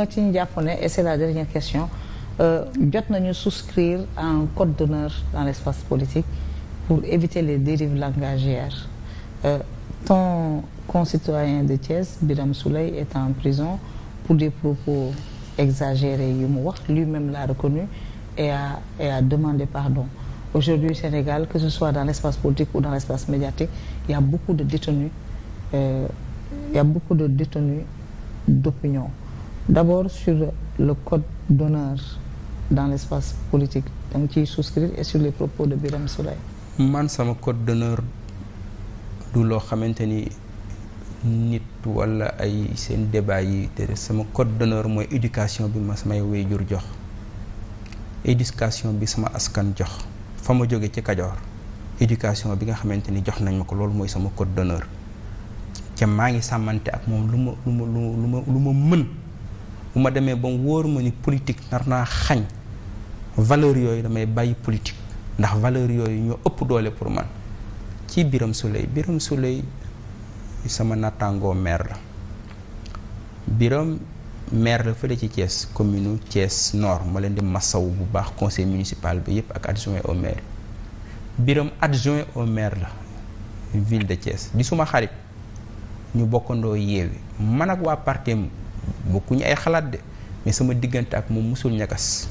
nga ci ñu jàpp ne et c'est la dernière question euh, jot nañu souscrir à un code d'honneur dans l'espace politique pour éviter les dérives langagières euh, ton concitoyen de Thiès Birame Souleye est en prison pour des propos exagérés yu mu wax lui-même l'a reconnu et a et a demandé pardon aujourd'hui au Sénégal que ce soit dans l'espace politique ou dans l'espace médiatique il y a euh, a beaucoup de détenus d'opinion d'abord sur le code d'honneur dans l'espace politique da nga ciy souscrire et sur les propos de Birame Souleye man sama code d'honneur du loo xamante ni nit wala ay seen débat yi te sama code d'honneur mooy éducation bi ma samay waajur jox éducation bi sama askan jox fa ma jóge ci Kajoor éducation bi nga xamante ni jox nañ ma ko loolu mooy sama code d'honneur ca maa ngi sàmmante ak moom lu ma lu ma lu ma lu ma mën bu ma demee ba mu wóor ma ni politique nar naa xañ valeur yooyu damay bàyyi politique ndax valeur yooyu ñoo ëpp doole pour man ci biram Souleye biram Souleye sama nattaangoo maire la biram maire la fële ci Thiès commune Thiès noor ma leen di masaw bu baax conseil municipal bi yépp ak adjoint au maire Birame adjoint au maire la ville de Thiès di suma xarit ñu bokkandoo yeewi man ak waa partem bokkuñu ay xalaat de mais sama diggante ak moom musul ñagas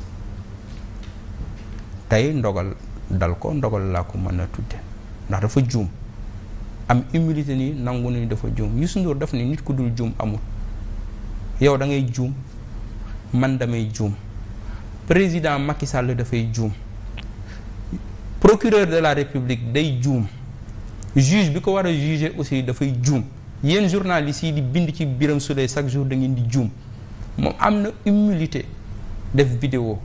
tey ndogal dal ko ndogal laa ko mën a tudde ndax dafa juum am humilité nii nangu nañu dafa juum Youssou Ndour daf ni nit ku dul juum amul yow dangay juum man damay juum président Macky Sall dafay juum procureur de la République day juum juge bi ko war a juger aussi dafay juum yéen journalistes yi di bind ci Birame Souleye chaque jour da ngeen di juum moom am na humilité def vidéo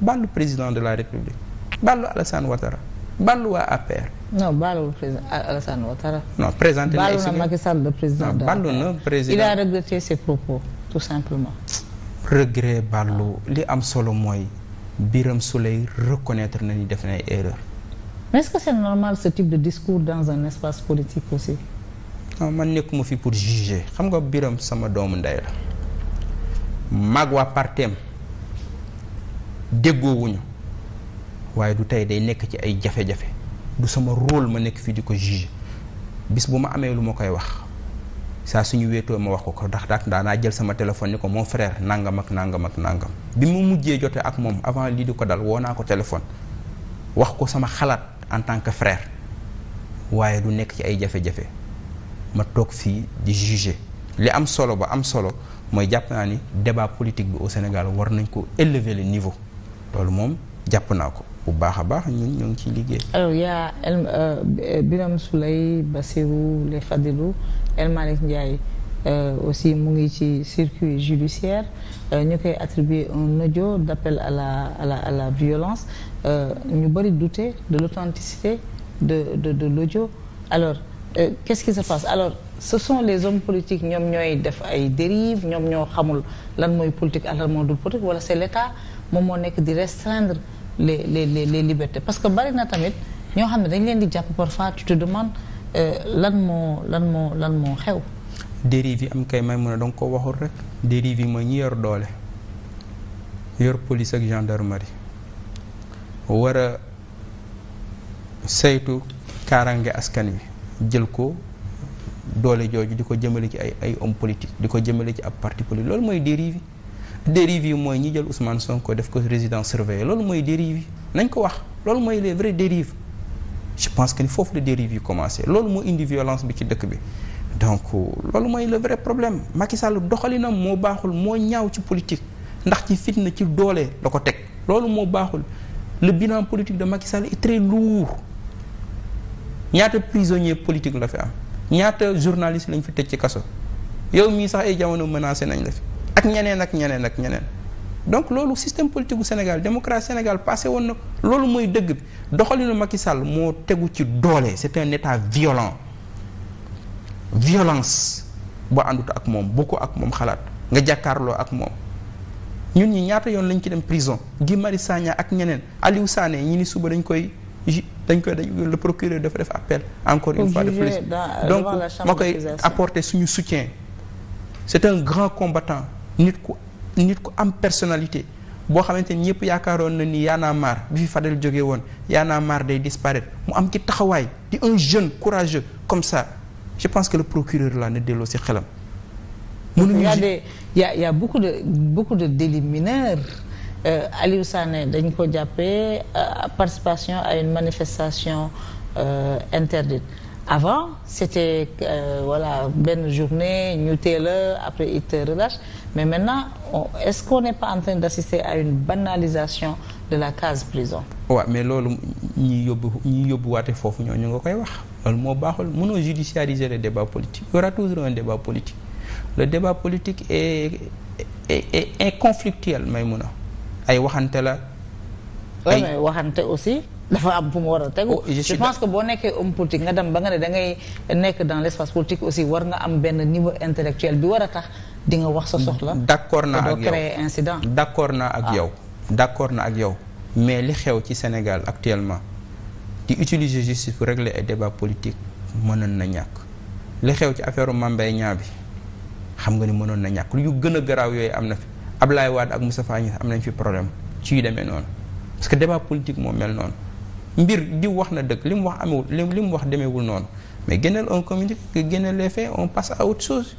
bàllu président de la république bàllu Alassane Ouattara bàllu waa APR. non bàlluwul président Alassane Ouattara. non présenté na bàllu président. non bàllu na président il a regretté ses propos tout simplement. regret bàllu li am solo mooy Birame Souleye reconnaître na ni def na ay erreurs. mais est-ce que c'est normal ce type de discours dans un espace politique aussi. non man nekkuma fi pour juger xam nga biram sama doomu ndey la mag waa parteem déggoowuñu waaye du tey day nekk ci ay jafe-jafe du sama rôle ma nekk fii di ko juger bis bu ma amee lu ma koy wax saa suñu wéetoo ma wax ko ko ndax naa jël sama téléphone ni ko mon frère nàngam ak nàngam ak nàngam bi mu mujjee jote ak moom avant lii di ko dal woo naa ko téléphone wax ko sama xalaat en tant que frère waaye du nekk ci ay jafe-jafe ma toog fii di juger li am solo ba am solo mooy jàpp naa ni débat politique bi au Sénégal war nañ ko élever le niveau loolu moom jàpp naa ko bu baax a baax ñun ñoo ngi ciy liggéey. alors yaa euh, Birame Souleye Bassirou les Fadilou El Malick Ndiaye euh, aussi mu ngi ci circuit judiciaire euh, ñu koy attribuer un audio d'appel à la à la à la violence ñu bëri douter de l'authenticité de de de l'audio alors. Euh, que ce qui passe alors ce sont les hommes politiques ñoom ñooy def ay dérives ñoom ñoo xamul lan mooy politique ak lan moo dul politique wala c'est l'État moom moo nekk di restreindre les les les les libertés parce que barina tamit ñoo xam ne dañ leen di jàpp parfois tu te demandes euh, lan moo lan moo lan moo xew. dérive yi am kay may mun a ko waxul rek dérive yi mooy ñu yor doole yor police ak gendarmerie war a saytu kaarange askan wi. jël ko doole jooju di ko jëmale ci ay ay homme politique di ko jëmale ci ab parti politique loolu mooy dérive dérive yi mooy ñi jël Ousmane Sonko def ko résident surveillée loolu mooy dérive yi nañ ko wax loolu mooy les vraies dérives je pense que ni foofu la dérive yi commencé loolu moo indi violence bi ci dëkk bi donc loolu mooy le problème Macky Sall doxalinam moo baaxul moo ñaaw ci politique ndax ci fitna ci doole la ko teg loolu moo baaxul le bilan politique de Macky Sall est très ñaata prisonnier politique la fi am ñaata journaliste lañ fi tëj ci kaso yow mii sax ay jamono menacé nañ la fi ak ñeneen ak ñeneen ak ñeneen donc loolu système politique bu Sénégal démocratie Sénégal passé woon nag loolu mooy dëgg bi doxalinu Macky Sall moo tegu ci doole c'est un état violent violence boo àndut ak moom boo ko ak moom xalaat nga jàkkaarloo ak moom ñun ñi ñaata yoon lañ ci dem prison Guy mari Sagna ak ñeneen Aliou Sané ñi ni suba dañ koy dañ koy dañ le procureur dafa def appel encore une fois de plus euh, donc ma koy apporter suñu soutien c'est un grand combattant nit ku nit ku am personalité boo xamante ni ñëpp yaakaaroon na ni yaa a marre bi fi Fadel jógee woon Y'en a marre day disparaître mu am ci taxawaay di un jeune courageux comme ça je pense que le procureur là na delloo si xelam. mënuñu y a des y a y de beaucoup Euh, Aliou Sané dañ ko jàppee euh, participation à une manifestation euh, interdite avant c'était euh, voilà benn journée ñu teel a après ils te relâchent mais maintenant on, est-ce qu'on n'est pas en d'assister à une banalisation de la case prison waaw ouais, mais loolu ñi yóbbu ñi yóbbuwaate foofu ñoo ñu nga koy wax loolu moo baaxul mënoo judiciariser le débat politique il y aura toujours un débat politique le débat politique est est est, est conflictuel may mun a ay waxante la. ay waxante aussi dafa am fu mu war a tegu. Oh, je pense que boo nekkee homme politique nga dem ba nga ne da ngay nekk dans l' espace politique aussi war nga am benn niveau intellectuel bi war a tax di nga wax sa soxla. d' accord naa ak ah. yow doo créer incident. d' accord naa ak yow. d' accord naa ak yow mais li xew ci Sénégal actuellement di utiliser justice pour régler ay débat politique mënoon na ñàkk li xew ci affaire Mame Mbaye bi xam nga ni mënoon na ñàkk lu yu gën garaaw yooyu am na fi. ab Ablaye Wade ak Moustapha Niasse am nañ fi problème ci yu demee noonu parce que débat politique moom mel noonu mbir di wax na dëkk li mu wax amewul li mu wax demeewul noonu mais génneel on communique génneel les faits on passe à autre chose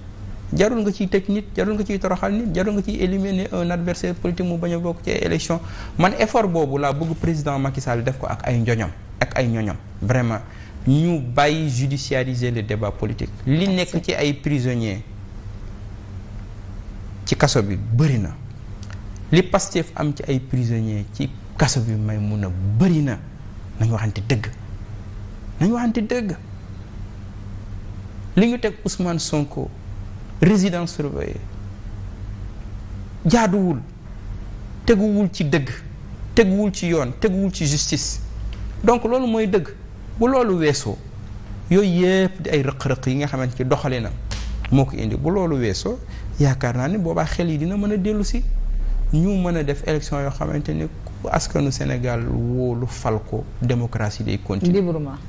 jarul nga ciy tëj nit jarul nga ciy toroxal nit jarul nga ciy éliminer un adversaire politique mu bañ a bokk ci élection man effort boobu laa bëgg président Macky Sall def ko ak ay njoñam ak ay ñoñam vraiment ñu bàyyi judiciariser le débat politique li nekk ci ay prisonniers kaso bi bëri na li Pastef am ci ay prisonniers ci kaso bi may mun a bëri na nañ waxante dëgg nañ waxante dëgg li ñu teg Ousmane Sonko résidence surveillée jaaduwul teguwul ci dëgg teguwul ci yoon teguwul ci justice donc loolu mooy dëgg bu loolu weesoo yooyu yëpp di ay rëq-rëq yi nga xamante ci doxalinam moo ko indi bu loolu weesoo yaakaar naa ne boobaa xel yi dina mën a dellu si ñu mën a def élection yoo xamante ne ku askanu Sénégal wóolu fal ko démocratie day continuer librement